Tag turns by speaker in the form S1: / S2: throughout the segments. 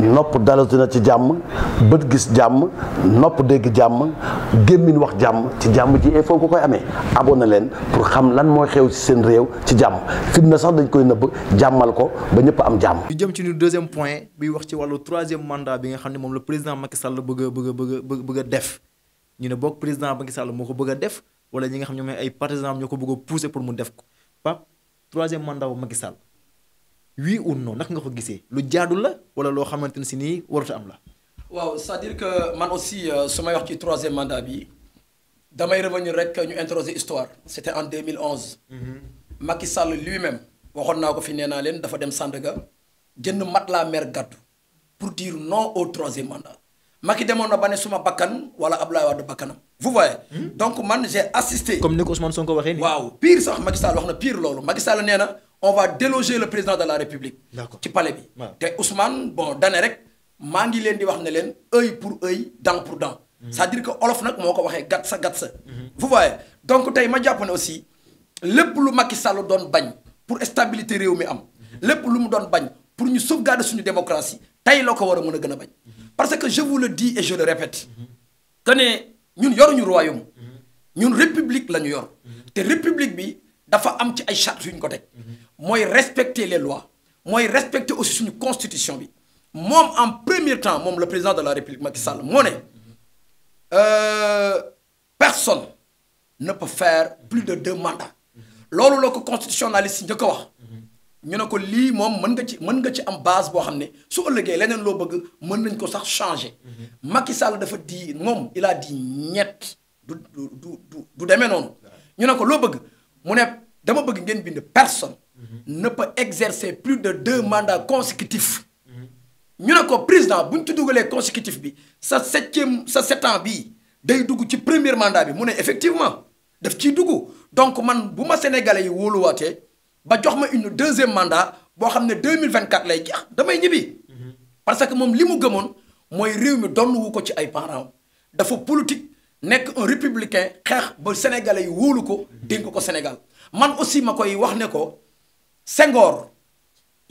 S1: nopp dalatu na ci jàmm bët gis jàmm nopp dégg jàmm gémmiñ wax jàmm ci jàmm ji il faut nga koy amee abonné leen pour xam lan mooy xew ci seen réew ci jàmm fitna sax dañ koy nëbb jàmmal ko ba ñëpp am jàmm.
S2: ñu jëm ci ñu deuxième point bi wax ci wàllu troisième mandat bi nga xam ne moom la président Macky la bëgg a bëgg bëgg bëgg a def ñu ne boog président Macky Sall moo ko bëgg a def wala ñi nga xam ñoom ay partisans ñoo ko bëgg a pour mu def ko Pape troisième mandat bu Macky Sall oui ou non naka nga ko gisee lu jaadu la wala loo xamante ne si nii warut am la.
S3: waaw c'est-à-dire que man aussi euh, su may wax ci troisième mandat bi damay revenir rek ñu introduire histoire c'était en 2011. Mhm. Macky Sall lui-même waxoon naa ko fi nee naa leen dafa dem Sandaga jën mat la mer gàddu pour dire non au troisième mandat i demoon na ba ne suma bakkan wala Abdoulaye Wade bakkanam. vous voyez. Hmm? donc man j'ai assisté. comme ni ko Ousmane Sonko waxee nii. waaw pire sax Macky Sall loolu Macky Sall nee na. on va déloger le président de la république. ci palais bi. te Ousmane bon dane rek maa ngi leen di wax ne leen œil pour œil dent pour dent. Mhm. cest dire que olof nag moo ko waxee gat sa gat a mhm. vous voyez donc tey ma jàpp ne aussi lépp lu Macky Sall doon bañ pour stabilité réew mi am. Mhm. lépp lu mu doon bañ pour ñu sauvegarder suñu démocratie tey la ko war a mën a gën a bañ. parce que je vous le dis et je le répète. que ñun yoruñu royaume. ñun république la ñu yor. te république bi dafa am ci ay chartes yu ko teg. mooy respecter les lois mooy respecter aussi suñu constitution bi moom en premier temps moom le président de la république Macky Sall moo ne euh, personne ne peut plus de deux mandats loolu la ko constitutionnaliste njëkk a wax ñu ne ko lii moom mën nga ci mën nga ci am base boo xam ne su ëllëgee leneen loo bëgg mën nañ ko sax changer Macky Sall dafa di moom il di ñett du du du demee noonu ñu ne ko loo bëgg mu ne dama bëgg ngeen bind personne ne peut exercer plus de deux mandats consécutifs. ñu ne ko président bu ñu ci dugalee consécutif bi sa septième sa sept bi day dugg ci premier mandat bi mu ne effectivement daf ciy dugg donc man bu ma sénégalais yi wóoluwaatee ba jox ma une deuxième mandat boo xam ne mille vingt 2024 lay jeex damay ñibbi. parce que moom li mu gëmoon mooy réew mi donn wu ko ci ay parents dafa politique nekk un républicain xeex ba sénégalais yi wóolu ko dénk ko Sénégal man aussi ma koy wax ne ko. Senghor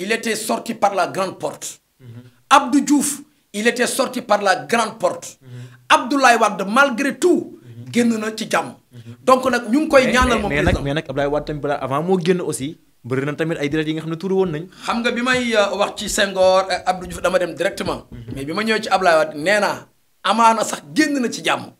S3: il était sorti par la grande porte Abdou Diouf il était sorti par la grande porte Abdoulaye Wade malgré tout génn na ci jàmm donc nag ñu ngi koy ñaanal moom président mais nag Abdoulaye Wade tamit balaa avant moo génn aussi bëri na tamit ay nga xam ne tuuru woon nañ xam nga bi may euh, wax ci Senghor euh, Abdou Diouf dama dem directement mhm. mais bi ma ñëwee ci Abdoulaye Wade nee naa amaana sax génn na ci jàmm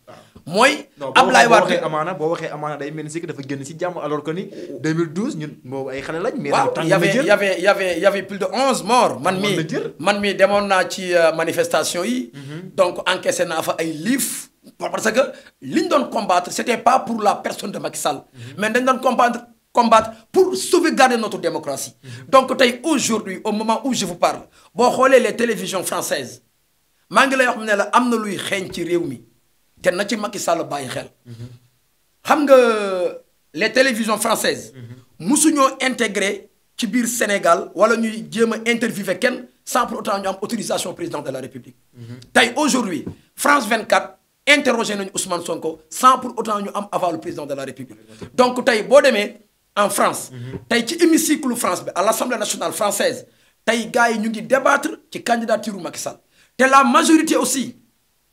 S3: mooy. am Wade boo waxee amaana boo waxee amaana day mel ni si dafa
S2: génn si jàmm alors que ni 2012 ñun boobu ay xale lañ. mais nag tàng na jël waaw
S3: y' avait y' ah, man mii man mii demoon naa ci euh, manifestation yi. Mhm. donc encaissé naa fa ay liif. parce que li ñu doon combattre c' était pas pour la personne de Macky Sall. Mhm. mais dañ doon combattre combattre pour sauvegarder notre démocratie. Mhm. donc tey aujourd'hui au moment où je vous parle boo xoolee les télévisions françaises maa ngi la lay wax ne la am na luy xeeñ ci réew mi. te na ci Macky Sall bàyyi xel. xam nga les télévisions françaises musuñoo intégré ci biir Sénégal wala ñuy jéem a interviewé kenn sans pour ñu am autorisation président de la République. tey aujourd'hui France 24 interrogé nañu Ousmane Sonko sans pour autant ñu am aval président de la République. donc tey boo demee en France. tey ci hémicycle France bi à l'Assemblée nationale française tey gars yi ñu ngi débattre ci candidature Macky Sall te la majorité aussi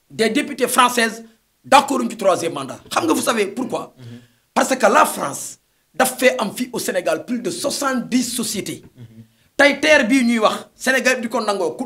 S3: des députés françaises d'accord ci troisième mandat xam nga vous savez pourquoi mhm. parce que la France daf fee am fii au Sénégal plus de soixante-dix société mhm. tey terre bii ñuy wax Sénégal di ko nangoo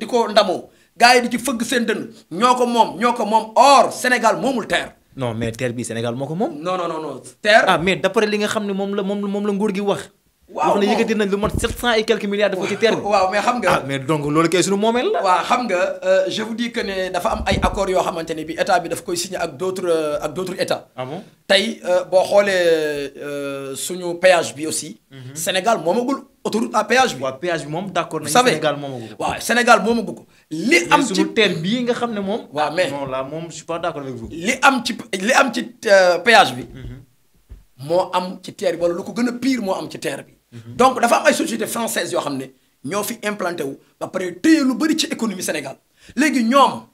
S3: di ko ndamoo gars yi di ci fëgg seen dënn ñoo ko moom ñoo ko moom or Sénégal moomul terre.
S2: non mais terre bi Sénégal moo ko moom.
S3: non no non non terre. ah
S2: mais d'après li nga xam ne moom la moom moom la nguur gi wax. waaw wax na yëkkati nañ lu mat sept cent et quelques milliards dafa ci terre bi
S3: waaw mais xam nga ah
S2: mais donc loolu kay suñu moomeel waaw
S3: xam nga euh, je vous dis ne dafa am ay accords yoo xamante ne bi état bi daf koy signé ak d'autres euh, ak d'autres état ah bon tey euh, boo xoolee suñu péage bi aussi mhm. Sénégal moomagul autoroute à péage bi waaw péage bi moom d'accord nañ Sénégal moomagul waaw Sénégal ko li am ci suñu terre bii nga xam ne moom waaw ah, mais non là moom je suis pas d'accord avec vous li am ci li am ci péage bi mhm. moo am ci teer bi wala lu ko gën a pire moo am ci terre bi Mm-hmm. donc dafa am ay société française yoo xam ne ñoo fi implanté wu ba pare téye lu bëri ci économie Sénégal léegi ñoom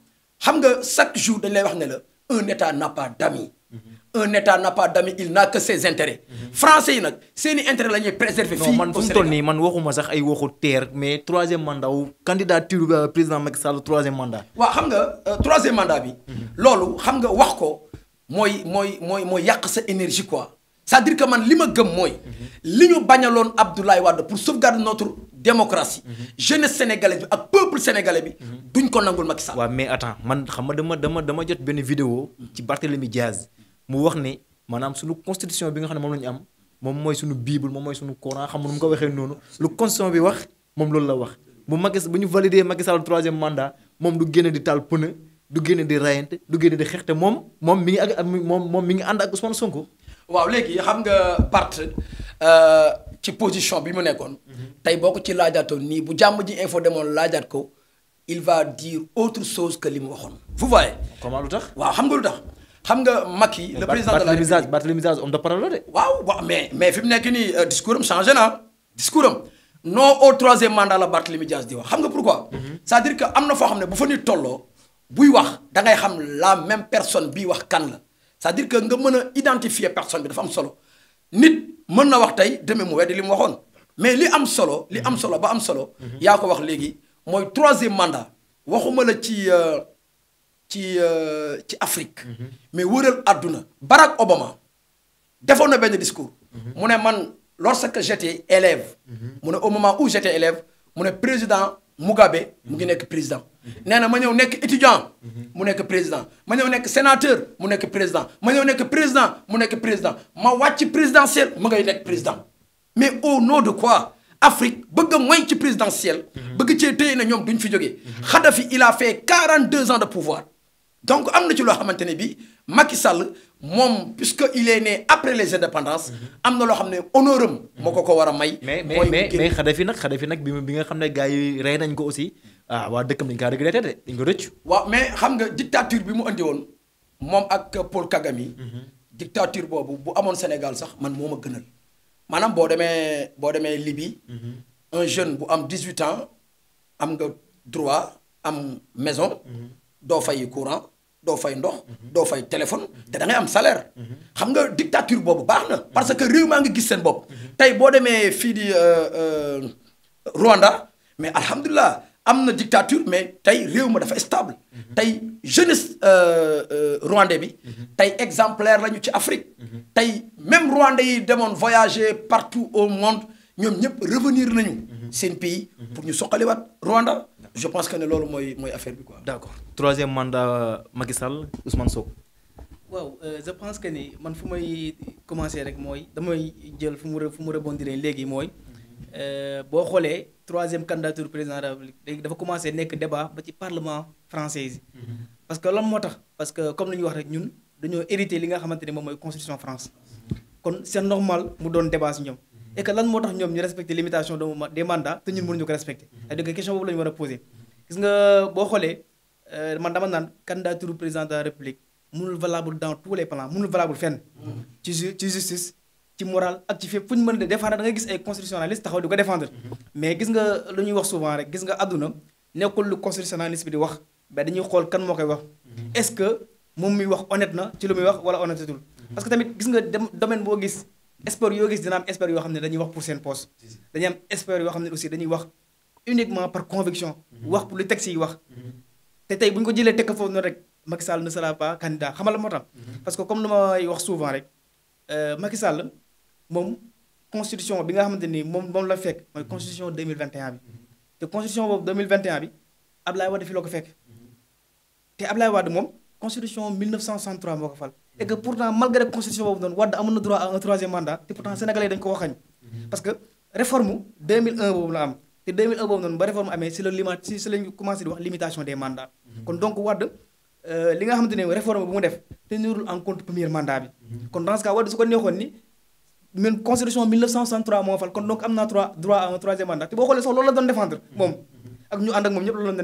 S3: xam nga chaque jour dañ lay wax ne la un état n'a pas d'amis mm-hmm. un état n'a pas d'amis il n'a que ses intérêts. Mm-hmm. français yi nag seeni intérêt la ñuy préserver. fii man fu mu nii
S2: man waxuma sax ay waxu teer mais troisième mandat wu candidature euh, président Macky Sall troisième mandat.
S3: waa xam nga euh, troisième mandat bi. loolu xam nga wax ko mooy mooy mooy mooy yàq sa énergie quoi. c'est-à-dire que man li ma gëm mooy. li ñu bañaloon Abdoulaye Wade pour sauvegarder notre démocratie. jeunesse sénégalaise bi ak peuple sénégalais bi. duñ ko nangul Macky
S2: Sall. waaw mais attends man xam ma dama dama dama jot benn vidéo ci Barthélemy Diaz mu wax ni maanaam suñu constitution bi nga xam ne moom la ñu am moom mooy suñu bible moom mooy suñu coran xam nga ko waxee noonu lu constitution bi wax moom loolu la wax bu Macky bu ñu validé Macky Sall troisième mandat moom du génn di taal génn di rayante du génn di xeex moom moom mi ngi ak moom moom mi ngi ànd ak Ousmane Sonko.
S3: waaw léegi xam nga Barth euh, ci position bi mu nekkoon. Mhm. tey boo ko ci laajaatoon nii bu jàmm ji info demoon laajaat ko il va dire autre chose que li mu waxoon. vous voyez. comment lu tax waaw xam nga lu tax. xam nga Macky le président de la République Barthélémy Dias homme de parole de. waaw waaw mais mais fi mu nekk nii euh, discours am changé na discours am non au troisième mandat la Barthélémy Dias di wax xam nga pourquoi. Mhm. cest a dire que am na foo xam ne bu fa nit tolloo buy wax da ngay xam la même personne bii wax kan la. c'est-à-dire que nga mën a identifier personne bi dafa am solo nit mën na wax tey demee mu weddi li mu waxoon mais li am solo li am solo ba am solo yaa ko wax léegi mooy troisième mandat waxuma la ci euh, ci euh, ci Afrique mais wëral àdduna Barack Obama defoon na benn discours mu ne man lorsque j'étais élève mu ne au moment où j'étais élève mu ne président Mugabe mu ngi mhm. nekk président nee na ma ñëw nekk étudiant mhm. mu nekk président ma ñëw nekk sénateur mu nekk président ma ñëw nekk président mu nekk président ma wàcc présidentiel mu ngay nekk président mais au nom de quoi Afrique bëgg a moy ci présidentiel mhm. bëgg cee téye na ñoom duñ fi jógee Kadhafi il a fait 42 ans de pouvoir donc am na ci loo xamante ne bii Macky Sall moom puisque il est né après les indépendances mm-hmm. am na loo xam ne honneur am moo ko ko war a may. mais mais mais
S2: Kadhafi nag Kadhafi nag bi bi nga xam
S3: ne gars yi rey nañ ko aussi ah waa dëkkam dañ kaa regretté de dañ ko rëcc. waaw mais xam nga dictature bi mu andi woon moom ak Paul kagami mm-hmm. dictature boobu bu amoon Sénégal sax man moo ma gënal maanaam boo demee boo demee libi mm-hmm. un jeune bu am dix 18 ans am nga droit am maison. doo fay courant. doo fay ndox doo fay téléphone te da am salaire xam nga dictature boobu baax na parce que réew maa ngi gis seen bopp tey boo demee fii di euh, euh, Rwanda mais alhamdulilah am na dictature mais tey réew ma dafa stable tey jeunesse euh, rwandais bi tey exemplaire lañu ci Afrique tey même rwandais yi demoon voyager partout au monde ñoom ñëpp revenir nañu seen pays pour ñu soqaliwaat Rwanda je pense que ne loolu mooy mooy affaire bi quoi. d' accord
S2: troisième mandat Macky Sall Ousmane Sonko.
S3: waaw euh, je pense que ni man fu may commencer rek
S4: mooy damay jël fu mu fu mu rebondir léegi mooy euh, boo xoolee troisième candidature président de la République léegi dafa commencé nekk débat ba ci parlement français yi. Mm-hmm. parce que lan moo tax parce que comme li ñu wax rek ñun dañoo hérité li nga xamante ne moom mooy constitution France kon c' est normal mu doon débat si ñoom. et que lan moo tax ñoom ñu respecté limitation des mandats te ñun mënuñu ko respecté mm-hmm. cest à question boobu la war a posé gis nga boo xoolee euh, man dama naan candidature président de la république mënul valable dans tous les plans mënul valable fenn mm-hmm. ci ci justice ci moral ak ci fépp fu ñu mën a défendre da nga gis ay constitutionnaliste taxaw di ko défendre mm-hmm. mais gis nga lu ñuy wax souvent rek gis nga àdduna nekkul lu constitutionnaliste bi di wax mais dañuy xool kan moo koy wax est-ce que moom muy wax honnête na ci lu muy wax wala honnêtetul parce que gis nga domaine boo gis sport yoo gis dina am sport yoo xam ne dañuy wax pour seen poste dañuy am sport yoo xam ne aussi dañuy wax uniquement par conviction. Mm-hmm. wax pour lu texte yi wax. Mm-hmm. te tey bu ñu ko jëlee tekk foofu noonu rek Macky Sall ne sera pas candidat xamal la moo tax. Mm-hmm. parce que comme nu may wax souvent rek euh, Macky Sall moom constitution bi nga xamante ni moom moom la fekk mooy constitution 2021 bi. te constitution boobu 2021 bi Ablaye Wade fi la ko fekk. te Ablaye Wade moom constitution 1963 moo ko fal. et pour pourtant malgré constitution boobu noonu Wade amoon na droit à un troisième mandat te pourtant sénégalais dañu ko waxañ mhm. parce que réforme 2001 boobu la am te 2001 boobu noonu ba réforme amee si la limitation des mandats. Mhm. kon donc Wade euh, li nga xamante ne réforme bu mu def tenirul en compte premier mandat bi. Mhm. kon donc am naa trois droit à un troisième mandat te boo xoolee sax loolu la doon moom. ak ñu ànd ak moom ñëpp loolu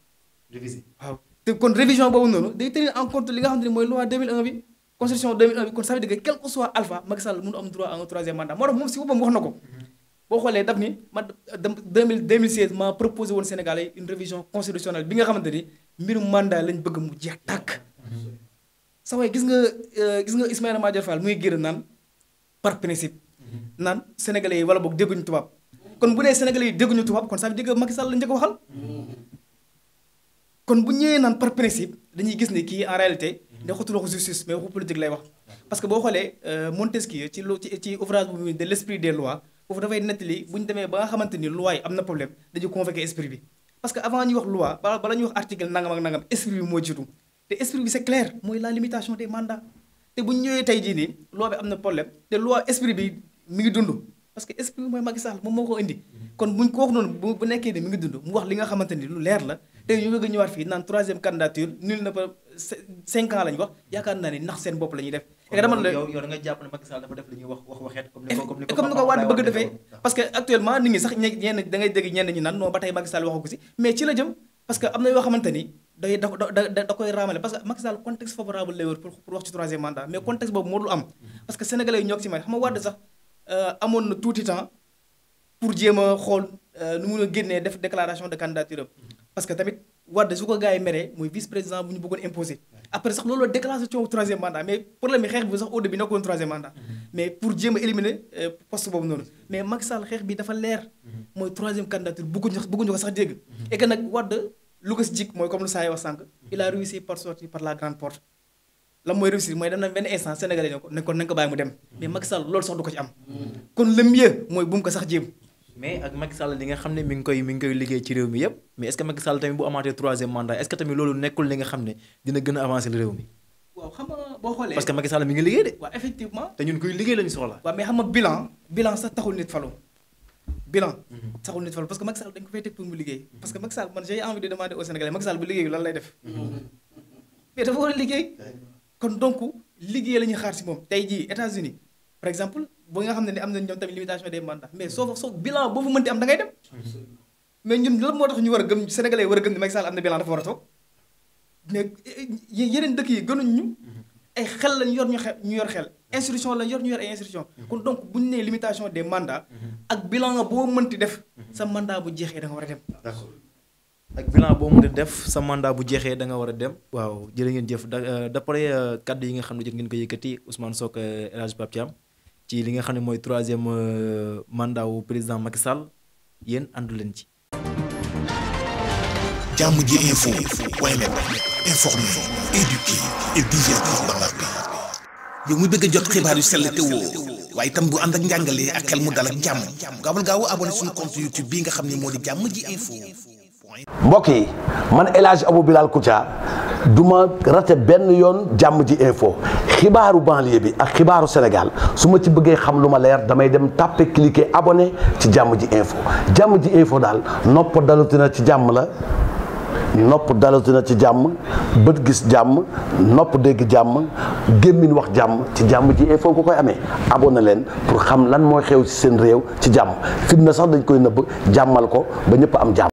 S4: réviser waaw te kon révision boobu noonu day tenir en compte li nga xam ne mooy loi 2001 bi constitution 2001 bi kon ça veut dire que quel que soit alpha Macky Sall mënu am droit à un troisième mandat moo tax moom si boppam wax na ko boo xoolee daf ni man deux mille deux mille seize maa proposé woon Sénégalais une révision constitutionnelle bi nga xamante ni mbirum mandat lañ bëgg mu jeex tàkk. sa waay gis nga euh, gis nga Ismaïla muy gërëm naan par principe. naan sénégalais yi wala boog dégguñu kon bu dee sénégalais yi dégguñu tubaab kon ça veut dire que Macky Sall kon bu ñëwee naan par principe dañuy gis ne kii en réalité da xutul waxu justice mais waxu politique lay wax parce que boo xoolee euh, Montesquieu ci lu ci ouvrage bu mu de l' esprit des lois foofu dafay nettali bu ñu demee ba nga xamante ni loi yi am na problème dañuy convoqué esprit bi parce que avant ñuy wax loi bala bala ñuy wax article nangam ak nangam esprit bi moo jiitu te esprit bi c' est mooy la limitation des mandats te bu ñëwee tey jii nii loi bi am na problème te loi esprit bi mi ngi dund parce que esprit mooy Macky Sall moom moo ko indi kon buñ ko wax noonu nekkee ni mi ngi dund mu wax li nga xamante lu leer la te ñu bëgg a ñëwaat fii naan troisième candidature nul na pas cinq ans la wax yaakaar naa ni nax seen bopp la def. et nga jàpp ne dafa def li wax waxeet. comme ni ko comme ni ko Wade bëgg defee parce ko si ci la jëm parce que am na yoo xamante ni day da da da koy raamale parce que Macky Sall Euh, amoon na tuuti temps pour jéem a xool euh, nu mun a génnee def déclaration de candidature mm-hmm. parce que tamit Wade su ko gars yi meree mooy vice président bu ñu bëggoon imposer. après sax loolu la déclaration troisième mandat mais problème bi xeex bi sax au début nekkoon troisième mandat. Mm-hmm. mais pour jéem éliminer euh, poste boobu noonu. Mm-hmm. mais Macky Sall xeex bi dafa leer. mooy troisième candidature bëgguñu bëgguñu ko sax dégg. et que nag Wade lu ko si jik mooy comme lu a réussi la mooy réussir mooy dem na benn instant sénégalais ne ko ne ko bàyyi mu dem mais Macky loolu sax du ko ci am kon le mooy bu mu ko sax jéem mais ak Macky li nga xam ne mi ngi koy mi ngi koy liggéey ci réew mi yëpp mais est-ce man j'ai envie de demander aux Sénégalais Macky bu liggéeyu lan lay def mhm. mais dafa war liggéey kon donc liggéey la ñuy xaar si moom tey jii États-Unis par exemple boo nga xam ne am na ñoom tamit limitation des mandats mais soo fa soo bilan boo fa mënti am da ngay dem. mais ñun lan moo tax ñu war a gëm Sénégalais war a gëm ne Macky Sall am na bilan dafa war a toog mais yeneen dëkk yi gënuñ ñu. ay xel lañ yor ñu xe ñu yor xel institution lañ yor ñu yor ay institution kon donc buñ nee limitation des mandats. ak bilan nga boo mënti def. sa mandat bu jeexee da war a dem. ak
S2: bilan boo mu a def sa mandat bu jeexee da war a dem. waaw jërë ngeen jëf euh, d'après euh, kàddu yi nga xam ne jot ngeen ko yëkkati Ousmane Sonko euh, El Hadj ci li nga xam ne mooy troisième mandat wu président Macky Sall yéen àndu leen ci.
S1: ji a jot xibaar yu sell te woo waaye bu ànd ak njàngalee ak xel mu bii nga xam ne moo di jàmm ji info. mbokk yi man El Hadj Abou Bilal Koutia du ma rate benn yoon jàmm ji info xibaaru banlieue bi ak xibaaru Sénégal su ma ci bëggee xam lu ma leer damay dem tàppe cliquer abone ci jàmm ji info jàmm ji info daal nopp dalutina ci jàmm la nopp dalutina ci jàmm bët gis jàmm nopp dégg jàmm gémmiñ wax jàmm ci jàmm ji info nga koy amee abonné leen pour xam lan mooy xew ci seen réew ci jàmm fitna sax dañ koy nëbb jàmmal ko ba ñëpp am jàmm